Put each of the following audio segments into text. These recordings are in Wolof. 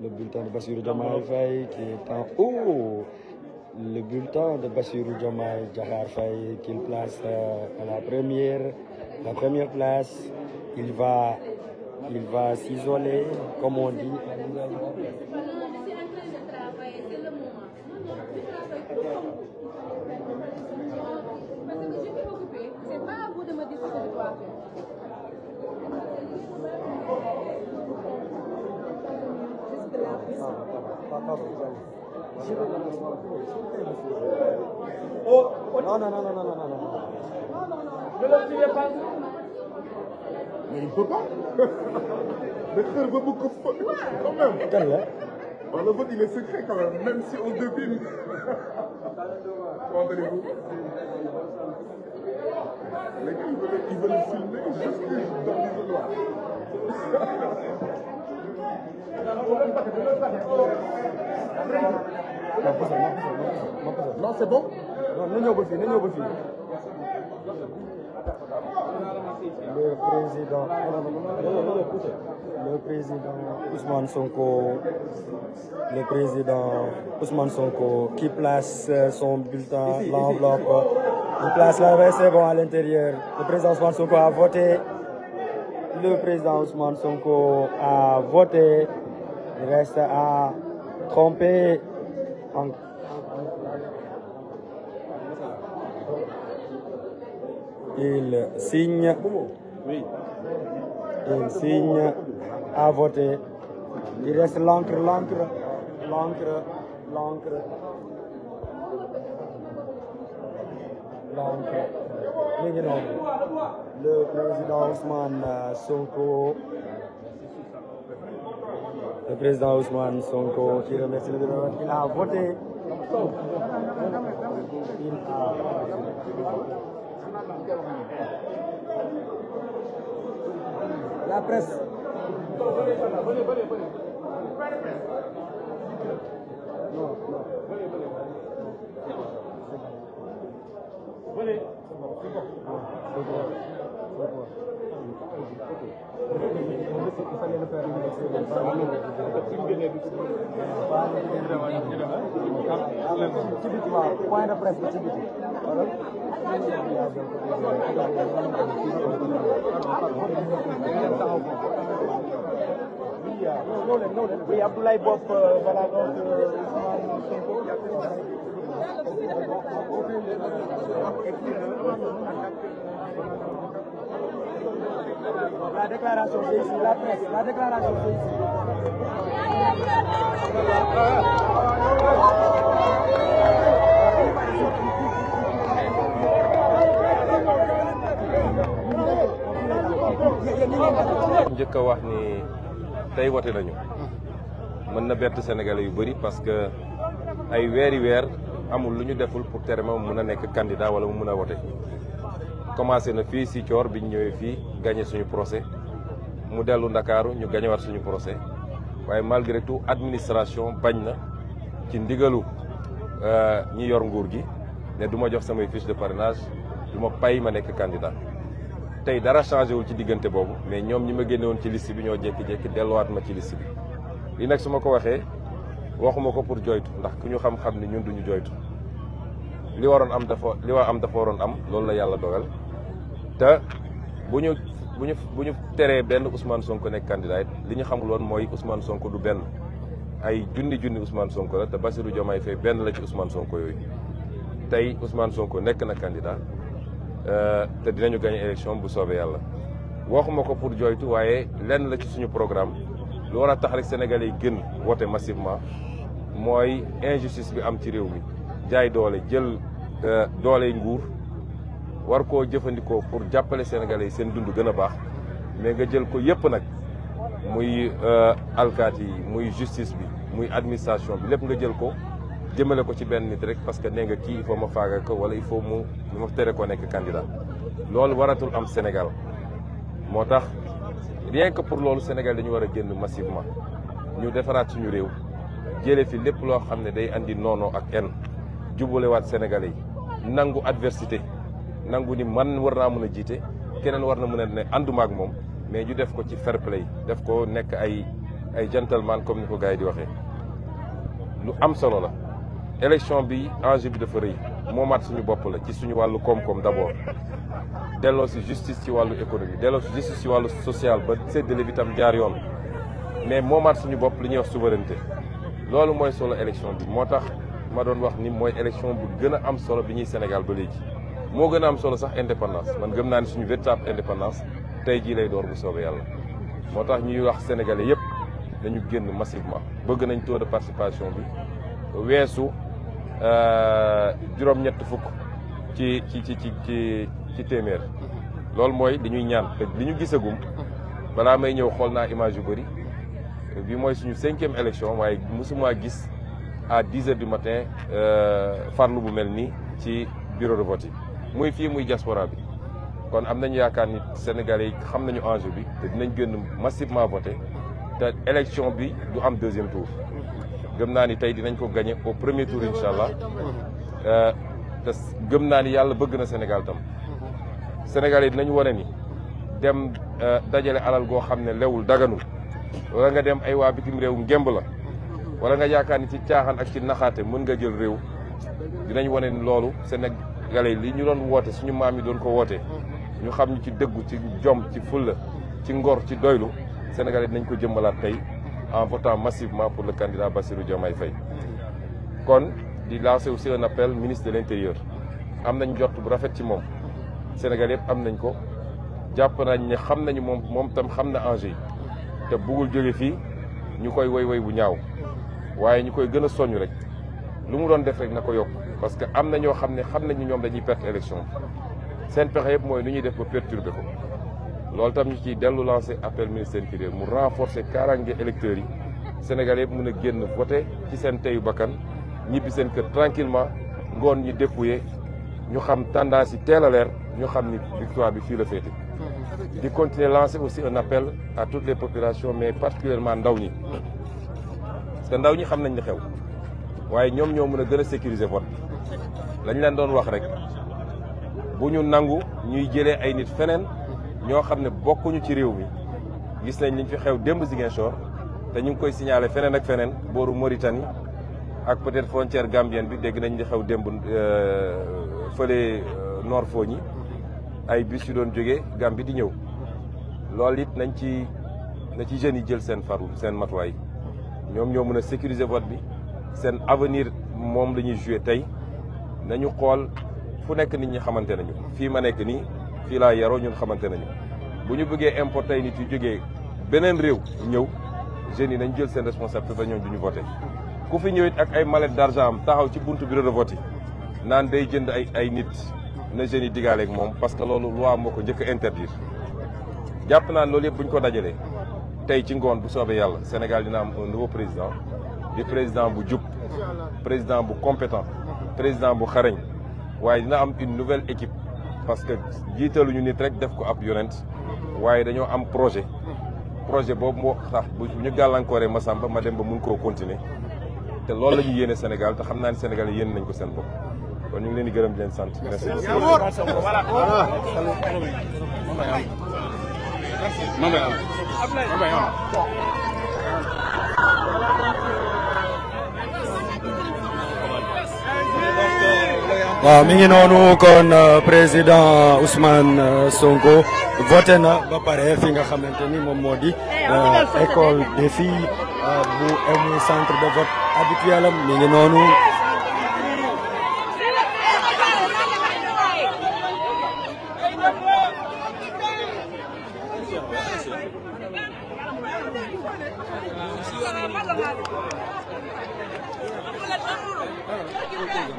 le bulletin de Bassirou Diomaye Faye qui est Le bulletin de Bassirou Diomaye Diakhar Faye qu'il place euh, à la première, la première place. Il va, il va s'isoler, comme on dit. Oh, on... Oh, non, non, non, non, non, non, non, Ne le tirez pas. Mais il peut pas. le frère veut beaucoup quand même. Quel est bon, le vote, il est secret quand même, même si on devine. Comment allez-vous Les gars, ils veulent, ils veulent filmer juste dans l'isoloir. non c'est bon non le président le Sonko le qui place euh, son bulletin l'enveloppe il place la c'est bon à l'intérieur le président Ousmane Sonko a voté le président Ousmane Sonko a voté, il reste à tromper en... Il signe, il signe à voter. Il reste l'encre, l'encre, l'encre, l'encre, l'encre. mi ngi noonu le président Ousmane euh, Sonko le président Ousmane Sonko qui remercie le gouvernement il a voté il a la presse point de presse bi ci biti Oui, Abdoulaye Bob, euh, voilà donc Ousmane euh, Sonko. njëkk a wax ni tey wote nañu mën na bett Sénégalais yu bari parce que ay weeri weer amul lu ñu deful pour tere ma mën a nekk candidat wala mu mën a wote commencé na fii si coor bi ñu ñëwee fii gañe suñu procès mu dellu ndakaaru ñu gañewaat suñu procès waaye malgré tout administration bañ na ci ndigalu euh, ñi yor nguur gi ne duma jox samay fiche de parrainage du ma pay ma nekk candidat tey dara changé wul ci diggante boobu mais ñoom ñi ma génne ci liste bi ñoo jékki-jékki delluwaat ma ci liste bi lii nag su ma ko waxee waxuma ko pour joytu ndax ku ñu xam-xam ni ñun duñu joytu li waroon am dafa li war am dafa waroon am loolu la yàlla dogal te bu ñu bu ñu bu ñu teree benn Ousmane Sonko nekk candidat li ñu xamul woon mooy Ousmane Sonko du benn ay junni junni Ousmane Sonko la te Bassirou Diomaye Faye benn la ci Ousmane Sonko yooyu tey Ousmane Sonko nekk na candidat euh, te dinañu gagné élection bu soobee yàlla waxuma ko pour joytu waaye lenn la ci suñu programme lu war a tax rek Sénégalais woote massivement mooy injustice bi am ci réew mi jaay doole jël euh, dooley nguur war koo jëfandikoo pour jàppale sénégalais yi seen dund gën a baax mais nga jël ko yëpp nag muy euh, alkaati yi muy justice bi muy administration bi lépp nga jël ko jëmale ko ci benn nit rek parce que nee nga kii il faut ma faaga ko wala il faut mu ma tere ko nekk candidat loolu waratul am Sénégal moo tax rien que pour loolu Sénégal dañu war a génn ma ñu defaraat suñu réew jëlee fi lépp loo xam ne day andi noonoo ak en jubalewaat sénégalais yi nangu adversité nangu ni man war naa mën a jiite keneen war na mën a ne ànduma ak moom mais ñu def ko ci fair play def ko nekk ay ay gentleman comme ni ko gars yi di waxee lu am solo la élection bi enjeu bi dafa rëy moomaat suñu bopp la ci suñu wàllu koom-koom d'abord delloo si justice ci wàllu économie delloo si justice ci wàllu social ba séddale bi tam jaar yoon mais moomaat suñu bopp li ñuy wax souveraineté loolu mooy solo élection bi moo tax ma doon wax ni mooy élection bu gën a am solo bi ñuy Sénégal ba léegi moo gën a am solo sax indépendance man gëm naa ni suñu véritable indépendance tey jii lay door bu soobee yàlla moo tax ñuy wax sénégalais yëpp dañu génn massivement bëgg nañ taux de participation bi weesu euh, juróom-ñett fukk ci ci ci ci ci ci téeméer loolu mooy li ñuy ñaan te li ñu gisagum balaa may ñëw xool naa image yu bëri bi mooy suñu cinquième élection waaye maa gis à dix heures du matin euh, farlu bu mel nii ci bureau de vote yi muy fii muy diaspora bi kon am nañu yaakaar ni Sénégalais yi xam nañu enjeu bi te dinañ génn massivement voté te élection bi du am deuxième tour gëm naa ni tey dinañ ko gagné au premier tour incha allah euh, te gëm naa ni yàlla bëgg na Sénégal tam Sénégalais yi dinañ wane ni dem euh, dajale alal goo xam ne lewul daganul wala nga dem ay waa bitim réew ngemb la wala nga yaakaar ni ci caaxaan ak ci naxaate mën nga jël réew dinañ wane ni loolu sénégalais li ñu doon woote suñu maam yi doon ko woote ñu xam ñu ci dëggu ci jom ci fulla ci ngor ci doylu sénégalais dinañ ko jëmbalaat tey en votant massivement pour le candidat Bassirou Diomaye Faye kon di lancer aussi un appel ministre de l'intérieur am nañ jot bu rafet ci moom Sénégal yëpp am nañ ko jàpp nañ ne xam nañu moom moom tam xam na enjeu te bëggul jóge fii ñu koy woy woy bu ñaaw waaye ñu koy gën a soññ rek lu mu doon def rek na ko yokk parce que am na ñoo xam ne xam ñu ñoom dañuy perte élection seen pexe yëpp mooy nu ñuy def ba perturber ko loolu tam ñu ciy dellu lancé appel ministre intérieur mu renforcer kaaraange électeurs yi Sénégal yëpp mën a génn voté ci seen teyu bakkan ñibbi seen kër tranquillement ngoon ñi dépouillé ñu xam tendance yi teel ñu xam ni victoire bi fii la féete di continuer lancer aussi un appel à toutes les populations mais particulièrement ndaw ñi parce ndaw ñi xam nañ li xew waaye ñoom ñoo mën a gën a sécuriser vote bi lañ leen doon wax rek bu ñu nangu ñuy jëlee ay nit feneen ñoo xam ne bokkuñu ci réew mi gis nañ liñ fi xew démb Ziguinchor te ñu koy signaler feneen ak feneen booru Mauritanie ak peut-être frontière gambienne bi dégg nañ di xew démb euh, fële euh, Nord ñi ay bi yu jóge jógee Gambie di ñëw loolu it nañ ci na ci jeunes yi jël seen farlu seen matuwaay ñoom ñoo mën a sécuriser vote bi seen avenir moom la ñuy joué tey nañu xool fu nekk nit ñi xamante nañu fii ma nekk nii fii laa yaroo ñun xamante nañu bu ñu bëggee importer nit yu jógee beneen réew ñëw jeunes yi nañ jël seen responsabilité ba ñoom du ñu voté ku fi ñëwit ak ay mallette d'argent am taxaw ci buntu bureau de vote yi naan day jënd ay ay nit na jeunes yi digaaleeg moom parce que loolu loi moo ko njëkk a interdire jàpp naa loolu yëpp bu ñu ko dajalee tey ci ngoon bu soobee yàlla Sénégal dina am un nouveau président président bu jub président bu compétent président bu xarañ waaye dina am une nouvelle équipe parce que jiitalu ñu nit rek def ko ab yonent waaye dañoo am projet projet boobu moo tax bu ñu gàllankooree Massamba ma dem ba mun koo continuer te loolu la ñu yéene Sénégal te xam naa ne Sénégal yéen nañ ko seen bopp kon ñu ngi leen di gërëm leen sant merci. waaw mi ngi noonu kon euh, président Ousmane euh, Sonko voté na ba pare fi nga xamante ni moom moo di eh, euh, école des filles bu amul centre de vote habituel mi ngi noonu. mi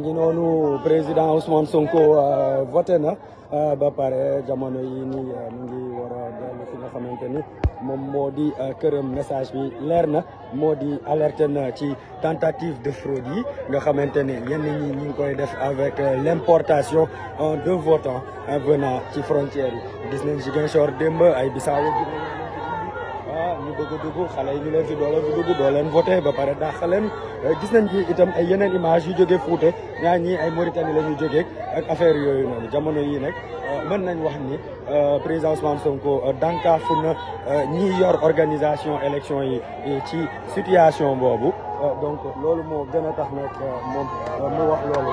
ngi noonu président Ousmane Sonko euh, voté na euh, ba pare jamono yi nii euh, mi ngi war a dellu fi nga xamante ni. moom moo di euh, këram message bi leer na moo di alerte na ci tentative de fraude yi nga xamante ne yenn yi ñu ngi koy def avec euh, l' importation de votants euh, venant ci frontière yi gis nañ Ziguinchor démb ay Bissau bëgg a dugg xale yi ñu leen si doole fi dugg doo leen voté ba pare dàq leen eh, gis nañ ci itam ay yeneen image yu jógee Fuuta ñaar ñii ay Mauritanie la ñu jógee ak affaire yooyu noonu jamono yii nag eh, mën nañ wax ni eh, président Ousmane Sonko dànkaafu na ñi yor organisation élection yi ci situation boobu donc loolu moo gën a tax nag moom mu wax loolu